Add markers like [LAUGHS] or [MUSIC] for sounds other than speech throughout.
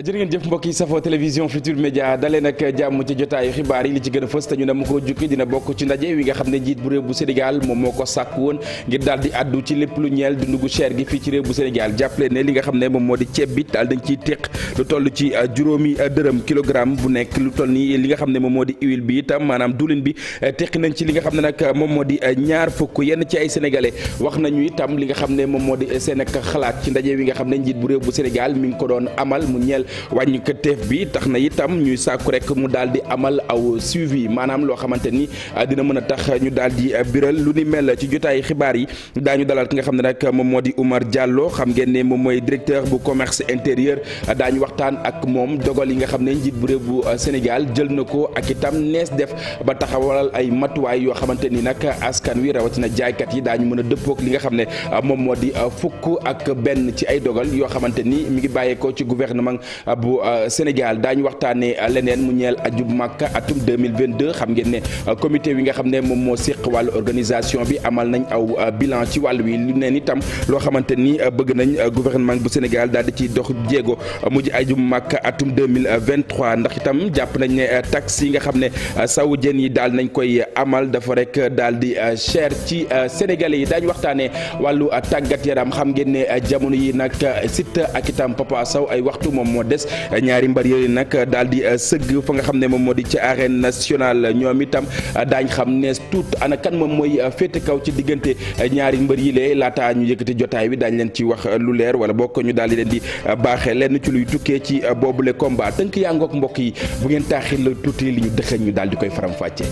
jërë ngeen jëf mbokk safoo télévision Futur Média dalee nag jàmm ci jotaayu xibaar yi li ci gën a ñu ne ma ko jukki dina bokk ci ndaje wi nga xam ne njiit bu réew bu Sénégal moom moo ko sàkk woon ngir daal di addu ci lépp lu ñeel dundu gu cher gi fii ci réew bu Sénégal jàppale ne nga xam ne moom moo di ceeb bi daal dañ ciy téq lu toll ci euh, juróomi euh, dërëm kilogramme bu nekk lu toll ni li nga xam ne moom moo di huile bi maanaam duulin bi euh, téq nañ ci li nga xam ne nag moom moo di ñaar fukk yenn ci ay sénégalais wax nañu itam li nga xam ne moom moo di seen xalaat ci ndaje wi nga xam ne njiit bu réew bu Sénégal mi ngi ko doon amal mu ñeel wàññi ko bi tax na itam ñuy sàkku rek mu daal di amal aw suivi maanaam loo xamante ni ah, dina mën a tax ñu daal di ah, biral lu ni mel ci jotaay xibaar yi daañu dalal ki nga xam ne nag moom moo di Oumar jàlloo xam ngeen ne moom mooy directeur bu commerce intérieur daañu waxtaan ak moom dogal yi nga xam ne njiit bu réew bu ah, Sénégal jël na ko ak itam nees def ba taxawalal ay matuwaay yoo xamante ni nag askan wi rawatina jaaykat yi daañu mën a dëppook li nga xam ne moom moo di fukk ak benn ci ay dogal yoo xamante ni mi ngi bàyyeekoo ci gouvernement bu euh, Sénégal daañu waxtaanee leneen mu ñeel ajub màkk atum 2022 xam ngeen ne euh, comité wi nga xam ne moom moo séq wàllu organisation bi amal nañ aw euh, bilan ci wàll wi lu neen itam loo xamante ni bëgg nañ gouvernement bu Sénégal daal di ci dox jéego mu ji ajub màkk atum 2023 ndax itam jàpp nañ ne taxe yi nga xam ne saoudien yi daal nañ koy amal dafa rek daal di cher ci sénégalais yi daañu waxtaanee wàllu tàggat yaram xam ngeen ne jamono yi nag Siteu ak itam Papa Sow ay waxtu moom moo des ñaari mbar yooyu nag daal di euh, sëgg fa nga xam ne moom moo di ci arène nationale ñoom itam euh, daañ xam ne tuut ana kan moom mooy euh, féete kaw ci diggante ñaari mbër yi lee laata ñu yëkkati jotaay bi daañ leen ci wax lu leer wala bokk ñu daal di leen di baaxee lenn ci luy tukkee ci boobule combat tënk yaa ngoog mbokk yi bu ngeen taaxil tuuti li ñu dëxëñ ñu daal di koy faram fàccee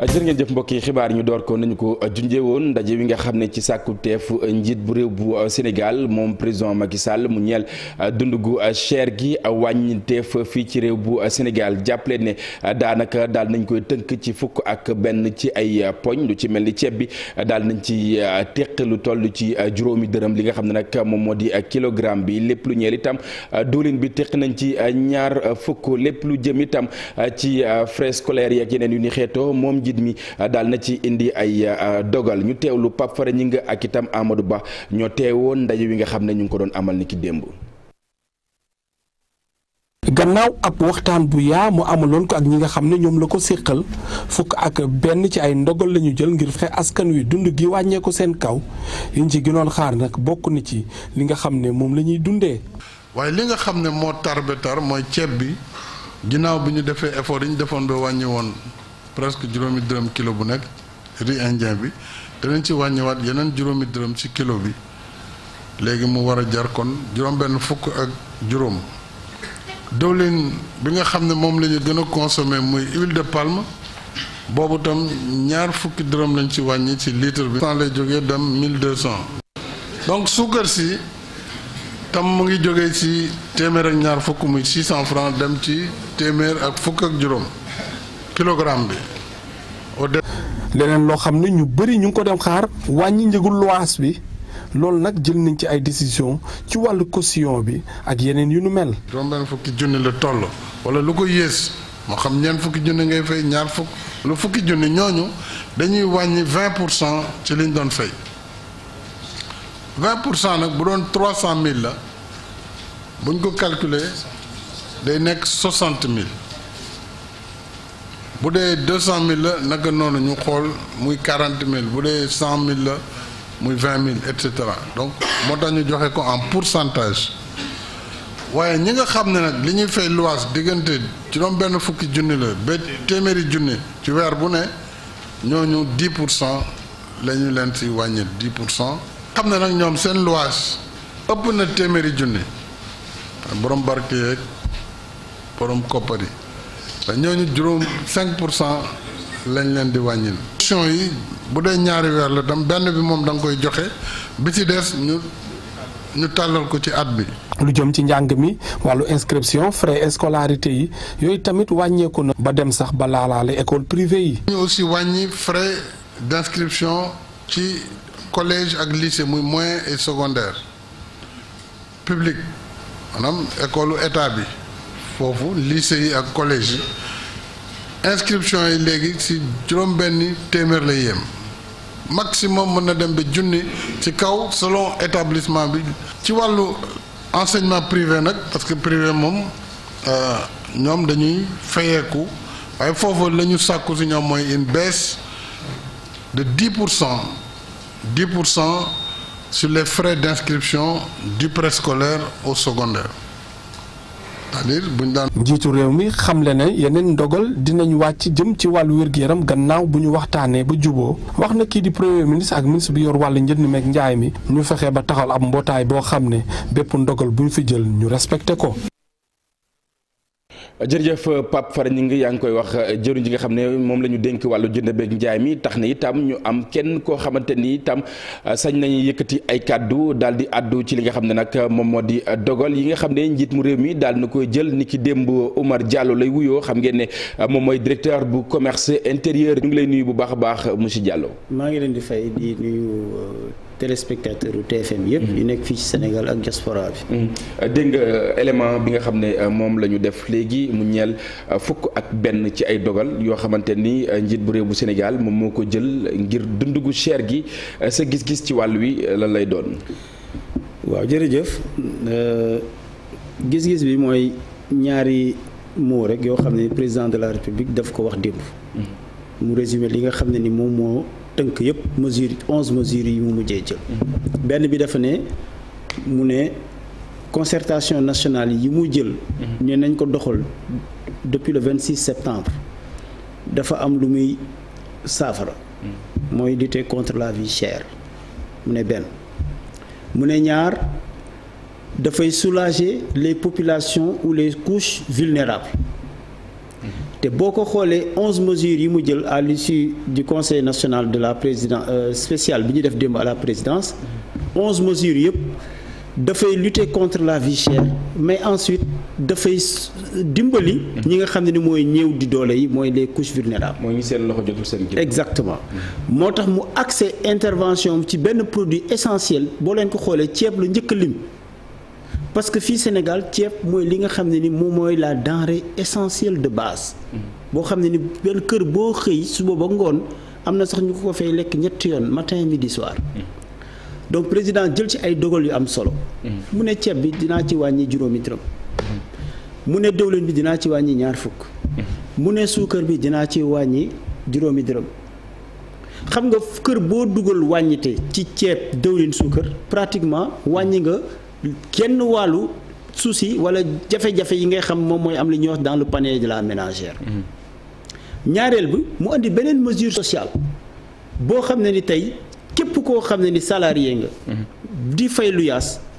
jërë ngeen jëf mbokk yi xibaar ñu door ko nañu ko junjee woon ndaje wi nga xam ne ci sàkku teef njiit bu réew bu Sénégal moom président Macky Sall mu ñeel dund gu cher gi wàññi teef fii ci réew bu Sénégal jàppale ne daanaka daal nañ koy tënk ci fukk ak benn ci ay poñ lu ci mel ni ceeb bi daal nañ ci teq lu toll ci juróomi dërëm li nga xam ne nag moom moo di kilogramme bi lépp lu ñeel itam diwlin bi teq nañ ci ñaar fukk lépp lu jëm itam ci frais scolaire yeeg yeneen yu njiit ah, daal na ci indi ay ah, dogal ñu teewlu Pape Fara ñi nga ak itam Amadou Ba ñoo teewoon ndaje wi nga xam ne ñu ngi ko doon amal ni ki démb gannaaw ab waxtaan bu yaa mu amaloon ko ak ñi nga xam ne ñoom la ko séqal fukk ak benn ci ay ndogal lañu jël ngir fexe askan wi dund gi wàññeeku seen kaw yiñ ci gënoon xaar nag bokk na ci li nga xam ne moom la ñuy dundee. waaye li nga xam ne moo tar ba mooy ceeb bi ginnaaw bi ñu defee effort yi ñu defoon ba wàññi presque juróomi dërëm kilo bu nekk riz indien bi danañ ci wàññiwaat yeneen juróomi dërëm ci kilo bi léegi mu war a jar kon juróom benn fukk ak juróom diwlin bi nga xam ne moom lañu ñu gën a consommer muy huile de palme boobu tam ñaar fukki dërëm lañ ci wàññi ci litre bi cent lay jógee dem mille deux cent donc suukar si tam mu ngi jóge ci téeméer ak ñaar fukk muy six cent francs dem ci téeméer ak fukk ak juróom kilogramme bi. leneen loo xam ne ñu bëri ñu ngi ko dem xaar wàññi njëgul loas bi loolu nag jël nañ ci ay décision ci wàllu caution bi ak yeneen yu nu mel. juróom benn fukki junni la toll wala lu ko yées moo xam ñeent fukki junni ngay fay ñaar fukk lu fukki junni ñooñu dañuy wàññi vingt pour cent ci liñ doon fay vingt pour cent nag bu doon trois cent mille la buñ ko calculer day nekk soixante mille. bu dee deux cent mille la naka noonu ñu xool muy quarante mille bu dee cent mille la muy vingt mille et cetera donc moo tax ñu joxe ko en pourcentage waaye ñi nga xam ne nag li ñuy fay luwaas diggante juróom benn fukki junni la ba téeméeri junni ci weer bu ne ñooñu dix pour cent la ñu leen si wàññil dix pour cent xam ne nag ñoom seen luwaas ëpp na téeméeri junni borom barke yeeg borom koppar yi te ñooñu juróom 5 pour cent lañ leen di wàññil. pension yi bu dee ñaari weer la tam benn bi moom danga koy joxe bi ci des ñu ñu tàllal ko ci at bi. lu jëm ci njàng mi wàllu inscription frais scolarité yi yooyu tamit wàññeeku na. ba dem sax ba laalaale école privée yi. ñu aussi wàññi frais d'inscription ci collège ak lycée muy moyen et secondaire public maanaam école état bi. foofu lycée yi ak collège yi inscription yi léegi ci juróom-benni téeméer lay yem maximum mën na dem ba junni ci kaw selon établissement bi ci wàllu enseignement privé nag parce que privé moom euh, ñoom dañuy fayeeku waaye foofu la ñu sàkku si ñoom mooy une baisse de dix pour cent dix pour cent sur les frais d'inscription du préscolaire au secondaire cest à daan. njiitu réew mi xamle na yeneen ndogal dinañ wàcc jëm ci wàll wér-gu-yaram gannaaw bu ñu waxtaanee ba juboo wax na kii di premier ministre ak ministre bi yor wàllu njënd meeg njaay mi ñu fexe ba taxal ab mbootaay boo xam ne bépp ndogal bu ñu fi jël ñu respecté ko. jërëjëf Pape Fara ñi ngi yaa ngi koy wax eh, jëriñ ji nga xam ne moom la ñu dénk wàllu jënd beeg njaay mi tax na itam ñu am kenn koo xamante ni itam eh, sañ nañu yëkkati ay kàddu daal di àddu ci li nga xam ne nag moom moo di eh, dogal yi nga xam ne njiit mu réew mi daal na koy jël ni ki démb Oumar Diallo lay wuyoo xam ngeen ne moom mooy directeur bu commerce intérieur ñu ngi lay nuyu bu baax a baax monsieur Diallo. maa ngi leen di fay di nuyu. téléspectateur u TFM yëpp mm-hmm. yu nekk fii ci Sénégal ak diaspora bi mm-hmm. euh, dégg nga euh, élément bi nga xam ne euh, moom la ñu def léegi mu ñeel fukk ak benn ci ay dogal yoo xamante ni njiit bu réew bu Sénégal moom moo ko jël ngir dund cher gi sa gis-gis ci wàll wi lan lay doon waaw jërëjëf gis-gis bi mooy ñaari moo rek yoo xam ne président de la république daf ko wax démb mm-hmm. mu résumé li nga xam ne ni moom moo tënk yëpp mesure onze mesures yi mu mujjee jël benn bi dafa ne mu ne concertation nationale yi mu jël mhm. ne nañ ko doxal depuis le vingt six septembre dafa am lu muy saafara mhm. mooy lutter contre la vie mu ne benn mu ne ñaar dafay soulager les populations ou les couches vulnérables te boo ko xoolee onze mesures yi mu jël à l'issue du conseil national de la présidence euh, spéciale bi ñu def démb à la présidence onze mesures yëpp dafay lutte contre la vie chère mais ensuite dafay dimbali. ñi nga xam ne ni mooy ñëw di doole yi mooy les couches vulnérables. mooy seen loxo jotul seen exactement moo tax mu accès intervention ci benn produit essentiel boo leen ko xoolee ceeb la njëkk a lim. parce que fii Sénégal ceeb mooy li nga xam ne ni moom mooy la denrée essentielle de base. boo xam ne ni benn kër boo xëy suba ba ngoon am na sax ñu ko fay lekk ñetti yoon matin midi soir. donc président jël ci ay dogal yu am solo. mu ne ceeb bi dinaa ci wàññi juróomi mu ne diwlin bi dinaa ci wàññi ñaar fukk. mu ne suukar bi dinaa ci wàññi juróomi dërëm. xam nga kër boo dugal wàññite ci ceeb diwlin suukar pratiquement wàññi nga. kenn wàllu souci wala jafe-jafe yi ngay xam moom mooy am li ñuy wax dans le panier de la ménagère. Mm-hmm. ñaareel bi mu indi beneen mesure sociale boo xam ne ni tey képp koo xam ne ni salarié nga. Mm-hmm. di fay lu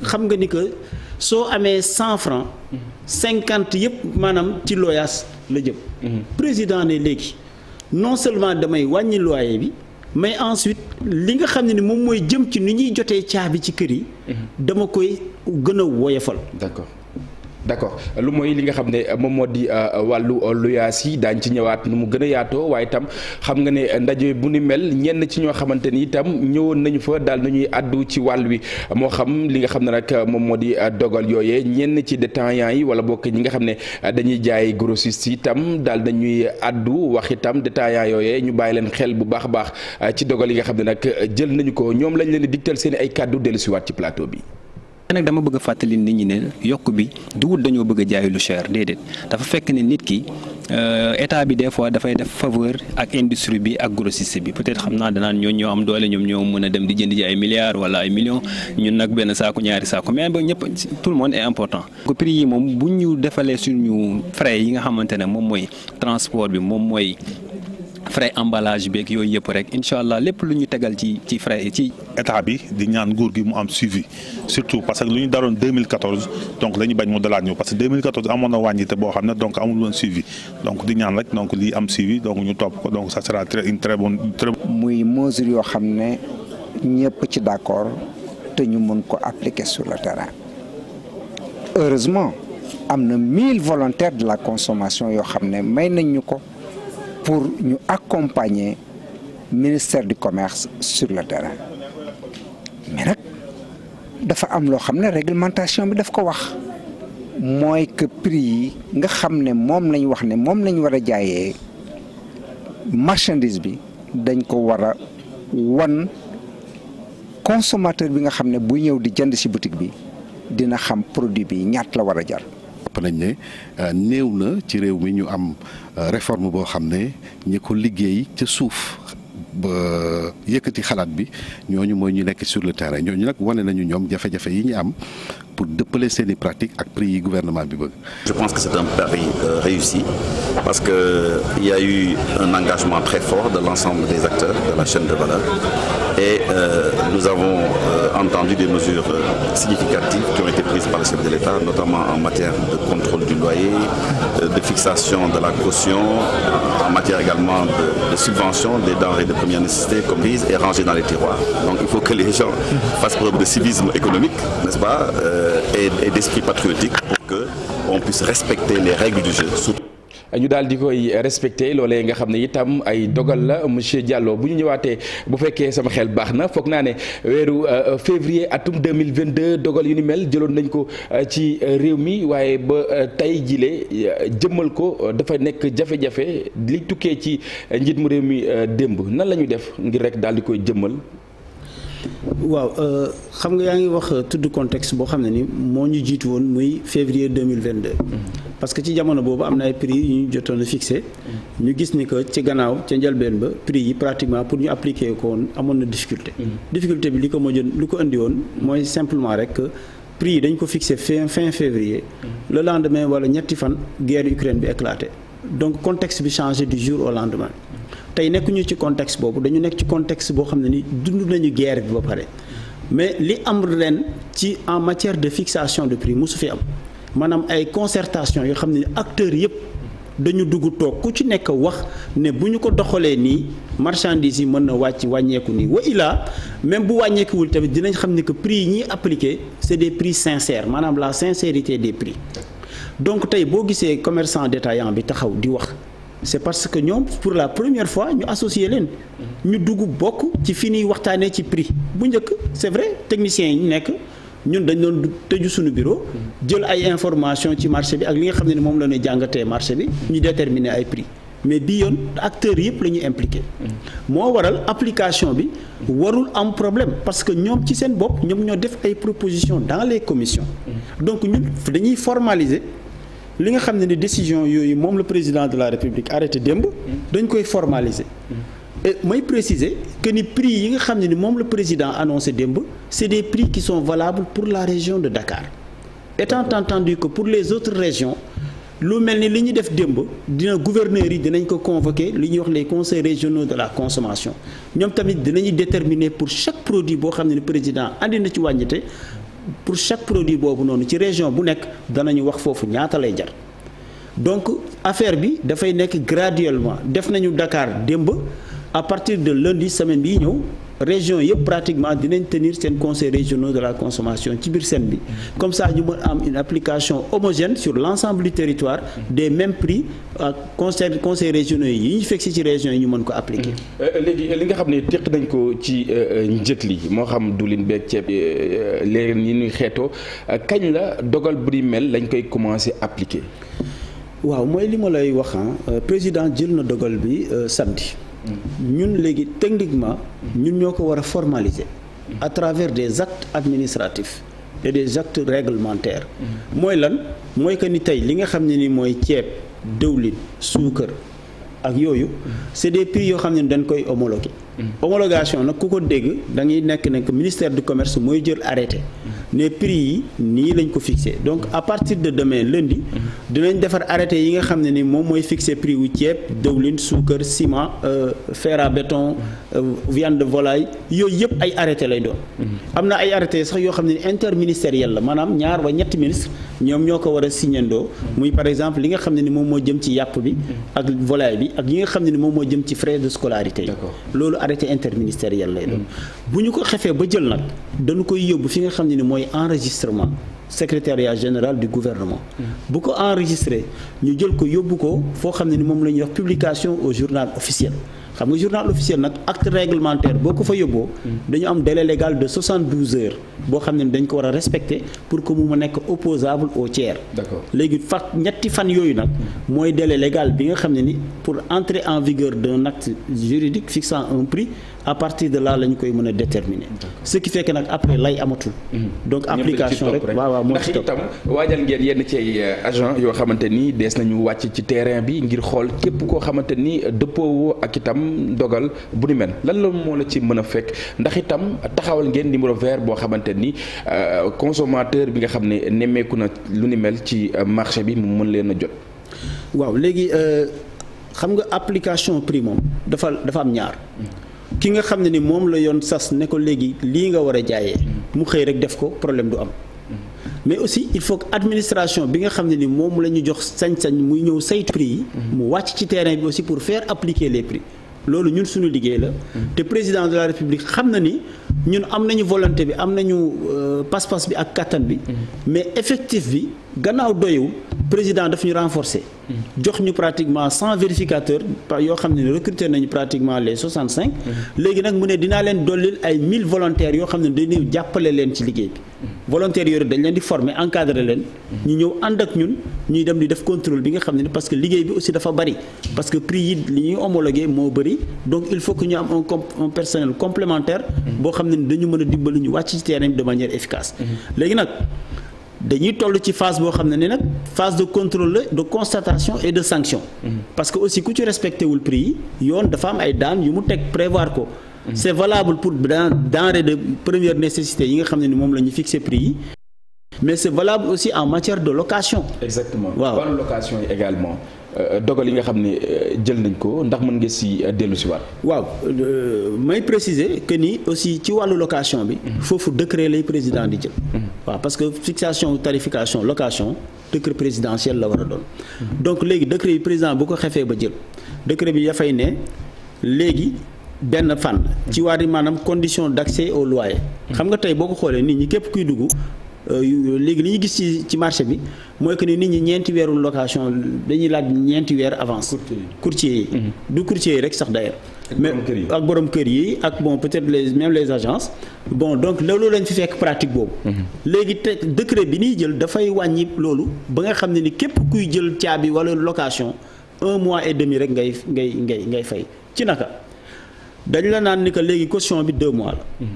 xam nga ni que soo amee cent francs mm-hmm. cinquante yëpp maanaam ci loyaas la jëm. président ne léegi non seulement damay wàññi loyer bi mais ensuite li nga xam ne ni moom mooy jëm ci ni ñuy jotee bi ci kër yi. dama koy. gën a woyefal. d'accord. d'accord lu mooy li nga xam ne moom moo di euh, wàllu euh, luyaas yi daañ ci ñëwaat nu mu gën a yaatoo waaye itam xam nga ne ndaje bu ni mel ñenn ci ñoo xamante ni itam ñëwoon nañu fa daal nañuy àddu ci wàll wi moo xam li nga xam ne nag moom moo di euh, dogal yooyee ñenn ci détaillants yi wala bokk ñi nga xam ne dañuy jaay grossistes itam daal nañuy àddu wax itam détaillants yooyee ñu bàyyi leen xel bu baax baax ci dogal yi nga xam ne nag jël nañu ko ñoom lañ leen di seen ay kàddu dellusiwaat ci plateau bi te nag dama bëgg fàttali nit ñi ne yokk bi duwut dañoo bëgga jaay lu cher déedéet dafa fekk ne nit ki euh, état bi des fois dafay def faveur ak industrie bi ak grossiste bi peut-être xam naa danaan ñoo ñoo am doole ñoom ñoo mën a dem di jënd ji ay milliards wala ay millions ñun nag benn saako ñaari saako mais ba ñëpp tout le monde est important. ko yi moom bu ñu defalee suñu frais yi nga xamante ne moom mooy transport bi moom mooy. frais emballage beeg yooyu yëpp rek incha allah lépp lu ñu tegal ci ci frais ci. état bi di ñaan nguur gi mu am suivi surtout parce que lu ñu daroon 2014 donc la ñu bañ mu dalaat ñu parce que 2014 amoon na wàññite boo xam ne donc amul di ñaan rek donc lii am suivi donc ñu topp ko donc ça sera très une très bonne très. muy mesure yoo xam ne ñëpp ci d' accord te ñu mun ko appliquer sur le terrain heureusement am na 1000 volontaires de la consommation yoo xam ne may nañ ñu ko. pour ñu accompagner ministère du commerce sur le terrain mais nag dafa am loo xam ne réglementation bi daf ko wax mooy que prix yi nga xam ne moom lañ wax ne moom lañ war a jaayee marchandise bi dañ ko war a wan consommateur bi nga xam ne bu ñëw di jënd ci boutique bi dina xam produit bi ñaat la war a jar jàpp nañ ne euh, néew na ci réew mi ñu am euh, réforme boo xam ne ñu ko liggéey ca suuf ba yëkkati xalaat bi ñooñu mooy ñu nekk sur le terrain ñooñu nag wane nañu ñoom jafe-jafe yi ñu am pour dëppale seeni pratique gouvernement bi bëgg. je pense que c'est un pari euh, réussi parce que il y a eu un engagement très fort de l'ensemble des acteurs de la chaîne de valeur et euh, nous avons euh, entendu des mesures euh, significatives qui ont été prises par le chef de l'État notamment en matière de contrôle du loyer de fixation de la caution en matière également de, subvention des denrées de première nécessité comprises et rangées dans les tiroirs il faut que les Euh, et d'esprit patriotique pour que on puisse respecter les règles du jeu surtout ñu daal di koy respecté loolee nga xam ne itam ay dogal la monsieur Diallo bu ñu ñëwaatee bu fekkee sama xel baax na foog naa ne weeru euh, euh, février atum 2022 dogal yu ni mel jëloon nañ ko ci réew mi waaye ba tey jile jëmmal ko dafa nekk jafe-jafe li tukkee ci njiit mu réew mi démb nan la ñuy def ngir rek daal di koy jëmmal waaw euh, xam nga yaa ngi wax euh, tudd contexte boo xam ne ni moo ñu jiitu woon muy février 2022 mm-hmm. parce que ci jamono boobu am na ay prix yu ñu jotoon a mm-hmm. ñu gis ni que ci gannaaw ca njëlbeen ba prix yi pratiquement pour ñu appliquer ko amoon na difficulté mm-hmm. difficulté bi li ko mojoon lu ko indi woon mooy simplement rek prix yi dañ ko fixé fin fin février le lendemain wala ñetti fan guerre Ukraine bi éclaté donc contexte bi changé du jour au lendemain tey nekkuñu ci contexte boobu dañu nekk ci contexte boo xam ne ni dund nañu guerre bi ba pare mais li am ren ci en matière de fixation de prix mosu fi am maanaam ay concertation yoo xam ne acteurs yëpp dañu dugg toog ku ci nekk wax ne bu ñu ko doxalee nii marchandises yi mën na wàcc wàññeeku nii wa ilaa même bu wàññeekuwul tamit dinañ xam ne que prix yi ñuy appliqué c' est prix sincères maanaam la sincérité des prix donc tey boo gisee commerçant détaillant bi taxaw di wax c'est parce que ñoom pour la première fois ñu associé leen ñu dugub bokk ci fi ñuy waxtaanee ci prix bu njëkk c'est vrai techniciens yi ñu nekk ñun dañu doon tëju suñu bureau jël ay information ci marché bi ak li nga xam ne moom la ñuy jàngatee marché bi ñu déterminer ay prix mais bi yoon acteurs yëpp lañuy ñuy moo waral application bi warul am problème parce que ñoom ci seen bopp ñoom ñoo def ay propositions dans les commissions donc ñun dañuy formaliser li nga xam ne ni décision yooyu moom la président de la république arrêté démb dañ koy formaliser mm-hmm. et may préciser que ni prix yi nga xam ne ni moom la président annoncé démb c'est des prix qui sont valables pour la région de Dakar étant entendu que pour les autres régions lu mel ni li ñu def démb dina gouverneurs yi dinañ ko convoquer li ñu wax les conseils régionaux de la consommation ñoom tamit dinañu déterminer pour chaque produit boo xam ne ni président andi ci wàññite pour chaque produit boobu noonu ci région bu nekk danañu wax foofu ñaata lay jar donc affaire bi dafay nekk graduellement def nañu Dakar démb à partir de lundi semaine bii ñëw région yëpp pratiquement dinañ tenir seen conseil régionaux de la consommation ci biir seen bi comme ça ñu mën am une application homogène sur l' ensemble du territoire des même prix ak conseil conseil régionaux yi ñu fekk si ci région yi ñu mën ko appliquer. Euh, euh, léegi euh, li nga xam ne teq nañ ko ci njët li moo xam duwlin beeg ceeb léegi ni ñuy xeetoo kañ la dogal bu ni mel lañ koy commencer appliquer. waaw mooy li ma lay wax président jël na dogal bi samedi. ñun léegi techniquement ñun ñoo ko war a formaliser à travers des actes administratifs et des actes réglementaires mooy lan mooy que ni tey li nga xam ne ni mooy ceeb dëwlin suukar ak yooyu c'est des prix yoo xam ne dañ koy homologué homologation nag ku ko dégg dangay nekk ne ministère du commerce mooy jël arrêté ne prix yi nii lañ ko fixé donc à partir de demain lundi dinañ defar arrêté yi nga xam ne ni moom mooy fixé prix wu ceeb dëwlin suukar ciment euh, fer à béton euh, viande de volaille yooyu yëpp ay arrêté lay doon am na ay arrêté sax yoo xam ne ni interministériel la maanaam ñaar wa ñetti ministre ñoom ñoo ko war a muy par exemple li nga xam ne ni moom moo jëm ci yàpp bi ak volaille bi ak yi nga xam ne moom moo jëm ci frais de scolarité yi loolu arrêté interministériel lay doon bu ñu ko xefee ba jël nag danu koy yóbbu fi nga xam ne ni mooy enregistrement secrétariat général du gouvernement. bu ko enregistré ñu jël ko yóbbu ko foo xam ne ni moom la ñuy wax publication au journal officiel. xam nga journal officiel nag acte réglementaire boo ko fa yóbboo. dañu am délai légal de 72 heures. boo xam ne dañ ko war a respecter pour que mu ma nekk opposable au tiers. d'accord léegi fa ñetti fan yooyu nag. mooy délai légal bi nga xam ne ni pour entrer en vigueur d'un acte juridique fixant un prix. à partir de là lañ koy mën a déterminer. ce qui nag après lay amatul. Mmh. donc application rek waaw waaw moo ci topp ndax itam waajal ngeen yenn ci euh, agent yoo xamante ni des nañu wàcc ci terrain bi ngir xool képp koo xamante ni dëppoowoo ak itam dogal bu ni mel lan la moo la ci mën a fekk ndax itam taxawal ngeen numéro vert boo xamante ni euh, consomateur bi nga xam ne nemmeeku na lu ni mel ci euh, marché bi mu mën leen a jot. waaw léegi xam nga application prix moom dafa dafa ñaar. Mmh. ki nga xam ne ni moom la yoon sas ne ko léegi lii nga war a jaayee mm-hmm. mu xëy rek def ko problème du am mm-hmm. mais aussi il faut que administration bi nga xam ne ni moom la ñu jox sañ-sañ muy ñëw saytu prix yi mm-hmm. mu wàcc ci terrain bi aussi pour faire appliquer les prix loolu ñun suñu liggéey la te président de la république xam na ni ñun am nañu volonté bi am nañu euh, pas-pas bi ak kàttan bi mais effectif bi gannaaw doyul président daf ñu renforcer jox ñu pratiquement cent vérificateurs yoo xam ne recruter nañu pratiquement les soixante cinq léegi nag mu ne dinaa leen dollil ay mille volontaires yoo xam ne dañuy jàppale leen ci liggéey bi volontaires yooyu dañ leen di former encadrer leen ñu ñëw ànd ak ñun ñuy dem di def contrôle bi nga xam ne parce que liggéey bi aussi dafa bari parce que prix yi li ñuy homologué moo bari donc il faut que ñu am un com un personnel complémentaire. boo xam ne dañu mën a dimbali ñu wàcc ci terrain bi de manière efficace. léegi nag dañuy toll ci phase boo xam ne ni nag phase de contrôle la de constatation et de sanction. parce que aussi ku ci respecté wul prix yi yoon dafa am ay daan yu mu teg prévoir ko. c'est valable pour denrées de première nécessité yi nga xam ne moom la ñu fixé prix yi. mais c'est valable aussi en matière de location. exactement waaw wàllu location yi également euh, dogal yi nga xam ne euh, jël nañ ko ndax mën nga si euh, dellu si waat. waaw may présiser que ni aussi ci wàllu location bi. Mhm. foofu décret lay président di jël. Mhm. waaw parce que fixation tarification location décret présidentiel la war a doon. Mhm. donc léegi décret yi président bu ko xefee ba jël décret bi dafay ne léegi. benn fànn ci waari maanaam condition d'accès au loyer xam nga tey boo ko xoolee nit ñi képp kuy dugg Euh, léegi li ñu gis ci ci marché bi mooy que ni nit ñi ñeenti weeru location dañuy laaj ñeenti weer avance. courtier yi mhm. du courtier yi rek sax d'ailleurs mais ak boroom kër yi ak bon peut-être les même les agences bon donc loolu lañ fi fekk pratique boobu. Mhm. léegi te décret bi ñuy jël dafay wàññi loolu ba nga xam ne ni képp kuy jël caabi wala location un mois et demi rek ngay ngay ngay ngay fay ci naka dañ la naan ni que léegi costion bi deux mois la. Mhm.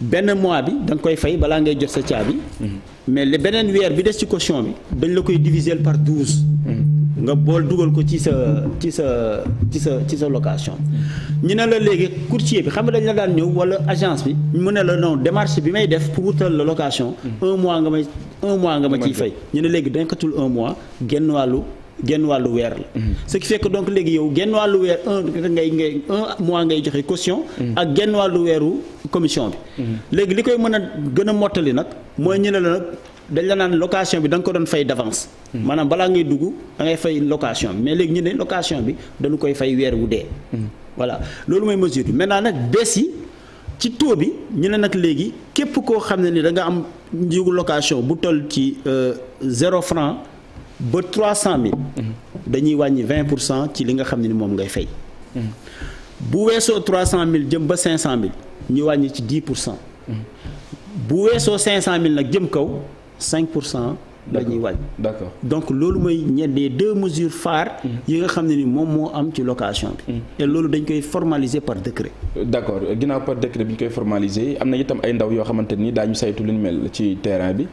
benn mois bi da nga koy fay balaa ngay jot sa caabi. Mm-hmm. mais li beneen weer bi des ci caution bi dañ la koy diviser par douze. Mm-hmm. nga bool dugal ko ci sa ci sa ci sa ci sa location. Mm-hmm. ñu ne la léegi courtier bi xam nga dañ la daan ñëw walla agence bi mu ne la non démarche bi may def pour wutal location. un mois nga may un mois nga ma ciy fay. ñu ne léegi denkatul un mois genn wàllu. genn wàllu weer la. Mhm. ce qui fait donc léegi yow genn wàllu weer un ngay ngay un mois ngay joxe caution. Mhm. ak genn wàllu weeru commission bi. Mhm. léegi li koy mën a gën a mottali nag mooy ñu ne la nag dañ la naan location bi da ko doon fay d'avance. maanaam balaa ngay dugg da ngay fay location mais léegi ñu ne location bi dañu koy fay weer wu dee. voilà loolu mooy mesure bi maintenant nag baisse yi ci taux bi ñu ne nag léegi képp koo xam ne ni da nga am njigu location bu toll ci euh, zéro franc. ba trois cent mille mhm. dañuy wàññi vingt pour cent ci li nga xam ne ni moom ngay fay mhm. bu weesoo trois cent mille jëm ba cinq cent mille ñu wàññi ci dix pour cent mhm. bu weesoo cinq cent mille nag jëm kaw cinq pour cent la ñuy wàññi d'accord donc loolu mooy ñenn des deux mesures phares yi nga xam ne ni moom moo am ci location bi te loolu dañ koy formaliser par décret euh, d'accord ginnaaw par décret bi ñu koy formaliser am na itam ay ndaw yoo xamante ni daañu saytu lu ñu mel ci terrain bi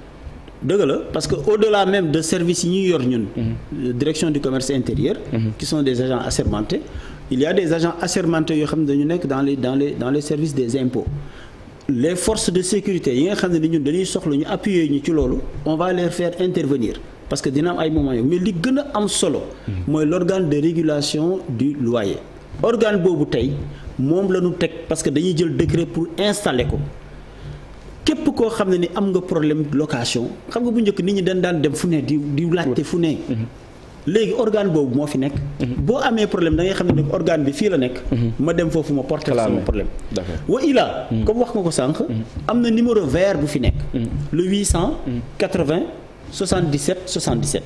dëgg la parce que au la même de services yi ñuy yor ñun. Mhm. direction du commerce intérieur. Mhm. qui sont des agents assermentés. il y a des agents assermentés yoo xam ne dañu nekk dans les dans les dans les services des impôts. les force de sécurité yi nga xam ne ñun dañuy soxla ñu appuyer ñu ci loolu on va les faire intervenir parce que dina am ay moments mais li gën a am solo. Mhm. mooy l'organe de régulation du loyer. organe boobu tey moom la ñu teg parce que dañuy jël décret pour installer ko. képp koo xam ne ni am nga problème location xam nga bu njëkk nit ñi dañ daan dem fu ne di di laajte fu ne. Mm-hmm. léegi organe boobu moo fi nekk. Mm-hmm. boo amee problème da ngay xam ne organe bi fii la nekk. Mm-hmm. ma dem foofu ma porté sama problème. wa ila comme wax nga ko sànq. am na numéro vert bu fi nekk. le 800. 80 77 77.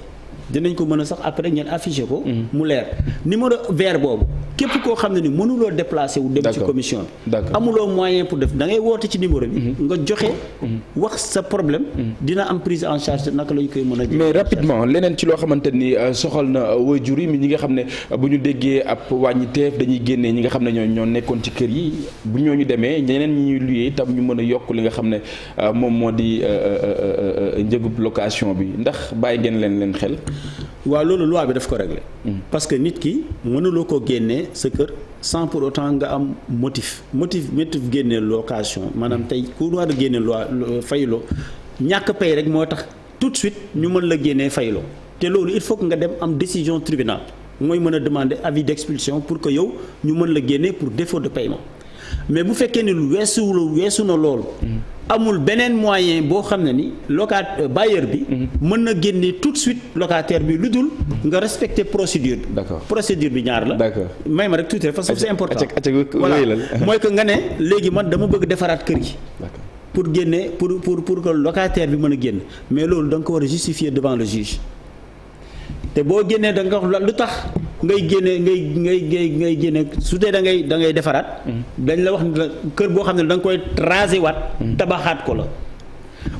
dinañ ko mën a sax après ngeen affiché ko. Mm-hmm. mu leer numéro vert boobu képp koo xam ne ni mënuloo déplacé wu. dem ci commission bi. amuloo moyen pour def da ngay woote ci numéro bi. Mm-hmm. nga joxe mm-hmm. wax sa problème. dina am prise en charge naka lañ koy mën a. mais rapidement leneen ci loo xamante ni euh, soxal na euh, waajur yi ñi nga xam ne euh, bu ñu déggee ab wàññi teef dañuy génnee ñi nga xam ne ñoo ñoo nekkoon ci kër yi bu ñoo ñu demee ñeneen ñi ñuy luyee tam ñu mën a yokk li nga xam ne moom moo di njëgub location bi ndax bàyyi ngeen leen leen xel. waaw loolu loi bi daf ko régler hmm. parce que nit ki mënuloo ko génnee sa kër sans pour autant nga am motif motif motif génne location maanaam hmm. tey ku war a génne loi fayloo ñàkk pay rek moo tax tout de suite ñu mën la génnee fayloo te loolu il faut nga dem am décision tribunal mooy mën a demander avis d'expulsion pour que yow ñu mën la génnee pour défaut de paiement mais bu fekkee ni weesuwul weesu na loolu hmm. amul beneen moyen boo xam ne ni locataire euh, bailleur bi. Mhm. mën na génne tout de suite locataire bi lu dul nga respecter procédure bi. d'accord procédure bi ñaar la. d'accord may ma rek tuuti rek parce que c'est important. voilà [LAUGHS] mooy que nga ne léegi man dama bëgg defaraat kër gi pour génne pour pour pour que locataire bi mën a génn mais loolu danga ko war a justifier devant le juge te boo génnee da nga wax lu tax. ngay génne ngay ngay ngay ngay génne su dee da ngay da ngay defaraat. Mm-hmm. dañ la wax ni kër boo xam ne da nga koy raser waat. Mm-hmm. tabaxaat ko la.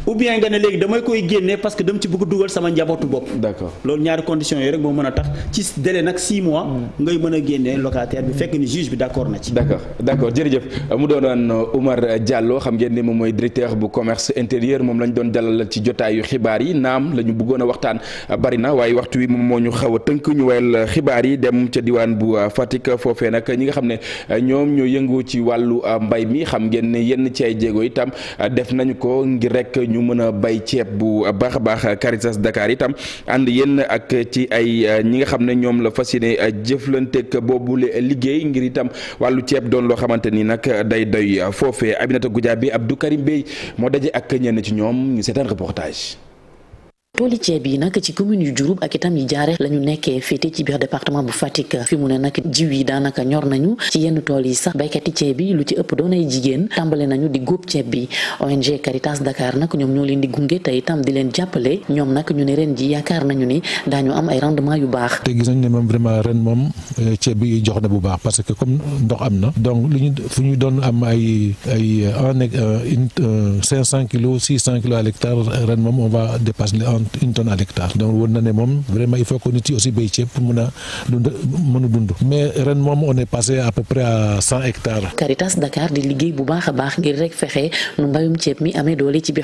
ou bien nga ne léegi damay koy génne parce que dama ci bëgg dugal sama njabootu bopp. d'accord loolu ñaari conditions yooyu rek moo mën a tax ci délai nag 6 mois. Hmm. ngay mën a génne locataire bi fekk ni juge bi d'accord na ci. d'accord d'accord jërëjëf mu doon doonoon Oumar jàlloo xam ngeen ni moom mooy directeur bu commerce intérieur moom lañu doon dalal ci jotaayu xibaar yi naam la bëggoon a waxtaan bari na waaye waxtu wi moom moo ñu xaw a tënk ñu wayal xibaar yi dem ca diwaan bu Fatick foofee nag ñi nga xam ne ñoom ñoo yëngu ci wàllu mbay mi xam ngeen ne yenn ci jéego itam def nañu ko ngir rek rek ñu mën a bay ceeb bu baax a baax Caritas Dakar itam ànd yenn ak ci ay euh, ñi nga xam ne ñoom la fas yéene euh, jëflanteeg boobule liggéey ngir itam wàllu ceeb doon loo xamante ni nag day doy foofee Aminata bi Abdou du Bey moo daje ak ñenn ci ñoom ñu seetaan reportage. tooli ceeb yi nag ci commune yu Diouroup ak itam yi jaare la ñu nekkee féete ci biir département bu Fatick fi mu ne nag jiw yi daanaka ñor nañu ci yenn tool yi sax béykat yi ceeb yi lu ci ëpp doonay jigéen tàmbale nañu di góob ceeb bi ONG Caritas Dakar nag ñoom ñoo leen di gunge te itam di leen jàppale ñoom nag ñu ne ren ji yaakaar nañu ni daañu am ay rendement yu baax. te gis nañ ne moom vraiment ren moom euh, ceeb bi jox na bu baax parce que comme ndox am na donc lu tonne une tonne à l'hectare donc wër na ne moom vraiment il faut que nit yi aussi béy ceeb pour mën a dund mën bu baax a baax ngir rek fexe nu mbayum ceeb mi amee doole ci bu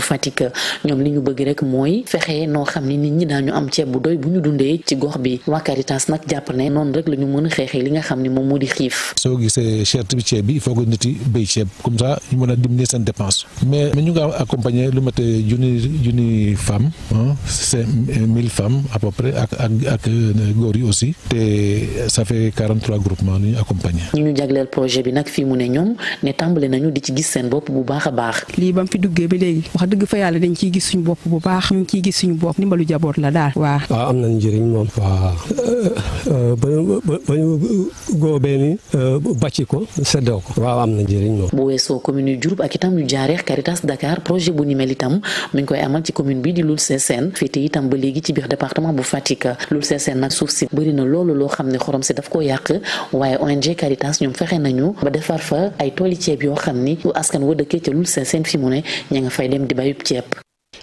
Fatick ñoom li ñu bëgg rek mooy fexe noo xam ne nit ñi daañu am ceeb bu bu ñu dundee ci gox bi waa Caritas nag jàpp ne noonu rek la ñu mën a xeexee li nga xam ne moom moo di xiif. soo gisee cherté bi ceeb bi il faut que nit yi béy ceeb a seen dépense mais ñu nga accompagner lu mat junni junni femme femmes c'est mille femmes à peu près ak ak euh, yi aussi te ça fait 43 groupements ñu accompagné. ñu ñu jagleel projet bi nag fii mu ne ñoom ne tàmbale nañu di ci gis seen bopp bu baax a baax. lii ba mu fi duggee ba léegi wax dëgg fa yàlla dañ ciy gis suñu bopp bu baax ñu ciy gis suñu bopp ndimbalu jaboot la daal waaw. waaw ah, am nañu njëriñ moom. waaw euh, euh, ba ñu ba ni bàcci ko seddoo ko. waaw am na njëriñ moom. bu weesoo commune yu Diouroup ak itam yu Jaareex Caritas Dakar projet bu ni Loul Sessène féete itam ba léegi ci biir département bu Fatick Loul Sessène nag suuf si bëri loolu loo xam ne xorom si daf ko yàq waaye ONG Caritas ñoom fexe nañu ba defar fa ay tooli ceeb yoo xam ni askan wa dëkkee ca Loul fi mu ne ña nga fay dem di bayub ceeb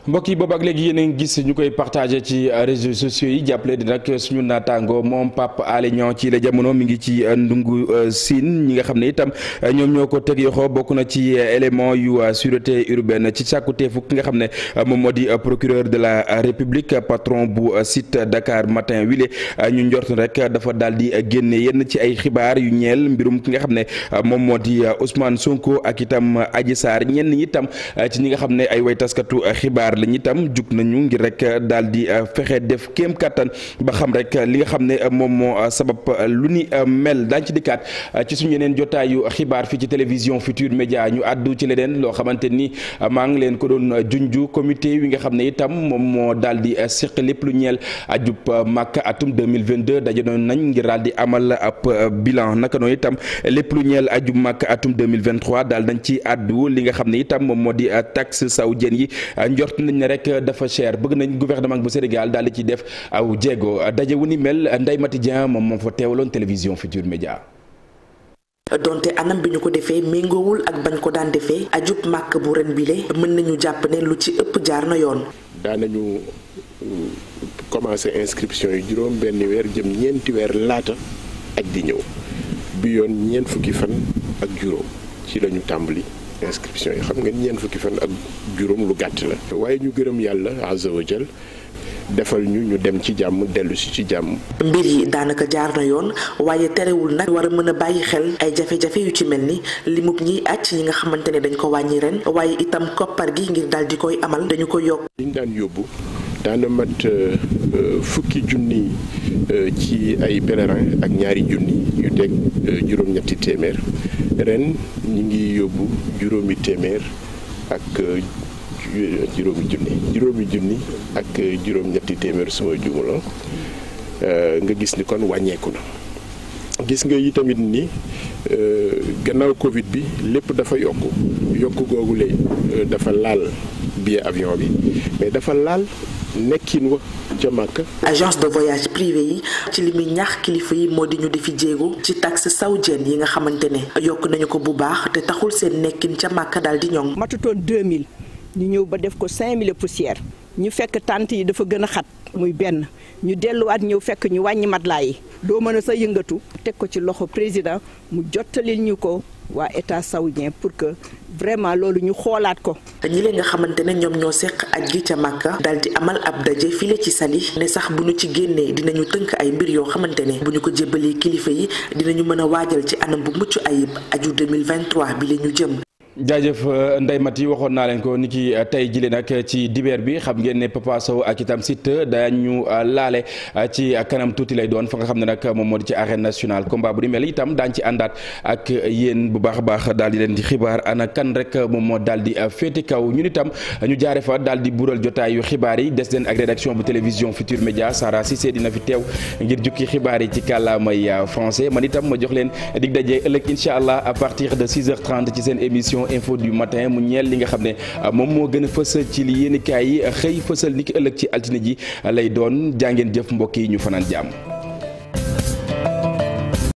mbokk yi boobu ak léegi yéen a ngi gis ñu koy partagé ci euh, réseaux sociaux yi jàppale di nag suñu naataango moom Pape Alé ci la jamono mi ngi ci euh, ndungu euh, siin ñi nga xam ne itam ñoom ñoo ko teg bokk na ci élément yu sûreté urbaine ci sàkkuteefu ki nga xam ne moom moo di procureur de la république patron bu site Dakar matin wile ñu njort rek dafa daal di génne yenn ci ay xibaar yu ñeel mbirum ki nga xam ne moom moo di Ousmane Sonko ak itam Adji Sarr ñenn ñi itam ci ñi nga xam ne ay way taskatu xibaar xibaar lañ itam jug nañu ngir rek daal di euh, fexe def kéem kattan ba xam rek li nga xam ne euh, moom moo euh, sabab lu ni mel daañu ci dikkaat ci suñ yeneen jotaayu xibaar fii ci télévision future Média ñu àddu ci leneen loo xamante ni maa ngi leen ko doon junju comité wi nga xam ne itam moom moo daal di seq lépp lu ñeel ajub màkk atum 2022 daje noon nañ ngir di amal ab bilan naka noonu itam lépp lu ñeel ajub màkk atum 2023 daal dañ ci àddu li nga xam ne itam moom moo di taxe saoudienne yi njort nañ ne rek dafa cher bëgg nañ gouvernement bu Sénégal daal di ci def aw jéego daje wu ni mel nday Mati Dieng moom moo fa teewaloon télévision Futurs Médias. donte anam bi ñu ko defee mingoowul ak bañ ko daan defee ajub màkk bu ren bile mën nañu jàpp ne lu ci ëpp jaar na yoon. daanañu euh, commencé inscription yi juróom benn weer jëm ñeenti weer laata ak di ñëw bi yoon ñeent fukki fan ak juróom ci lañu tàmbali. inscription yi xam ngeen ñeent fukki fan ak juróom lu gàtt la waaye ñu gërëm yàlla azza wa jal defal ñu ñu dem ci jàmm dellusi ci jàmm. mbir yi daanaka jaar na yoon waaye terewul nag war a mën a bàyyi xel ay jafe-jafe yu ci mel ni limub ñiy àcc yi nga xamante ne dañ ko wàññi ren waaye itam koppar gi ngir daal di koy amal dañu ko yokk. liñ daan yóbbu. daana mat euh, euh, fukki junni euh, ci ay pèlerin ak ñaari junni yu teg juróom-ñetti téeméer ren ñu ngi yóbbu juróomi téeméer ak juróomi junni juróomi junni ak juróom-ñetti téeméer suma jumula ah. nga gis ni kon wàññeeku na gis nga yi tamit ni gannaaw Covid bi lépp dafa yokk yokk googule dafa laal billet avion bi mais dafa laal nekkin wa ca màkk agence de voyage privé yi ci li muy ñaax kilifa yi moo di ñu di fi jéego ci taxe saoudienne yi nga xamante ne yokk nañu ko bu baax te taxul seen nekkin ca màkk daal di ñoŋ matutoon 2000 ñu ñëw ba def ko 5000 poussière ñu fekk tànt yi dafa gën a xat muy benn ñu delluwaat ñëw fekk ñu wàññi matelas yi doo mën a sa yëngatu teg ko ci loxo président mu jottalil ñu ko waa état saoudien pour que vraiment loolu ñu xoolaat ko. ñi leen nga xamante ne ñoom ñoo seq aj gi ca Màkka daal di amal ab daje file ci Saly ne sax bu ñu ci génnee dinañu tënk ay mbir yoo xamante ne bu ñu ko jébbalee kilifa yi dinañu mën a waajal ci anam bu mucc ayib aju 2023 bi la ñu jëm jaajëf euh, Ndeye yi waxoon naa leen ko ni ki euh, tey jile nag ci dibeer bi xam ngeen ne Papa Sow ak itam Siteu dañu euh, laale ci kanam tuuti lay doon fa nga xam ne nag moom moo di ci arène nationale combat bu di itam daañ ci àndaat ak yéen bu baax a baax daal di leen di xibaar ana kan rek moom moo daal di féeti kaw ñu itam ñu jaare fa daal di bural jotaayu xibaar yi des leen ak rédaction bu télévision Futur Média Sara Cissé dina fi teew ngir jukki xibaar yi ci kàllaamay français man itam ma jox leen dig daje ëllëg incha allah à partir de ci seen émission édition info du matin mu ñeel li nga xam ne ah, moom moo gën a fës ci li yéenekaay yi xëy fësal ni ëllëg ci altine ji lay doon jàngeen jëf mbokk yi ñu fanaan jàmm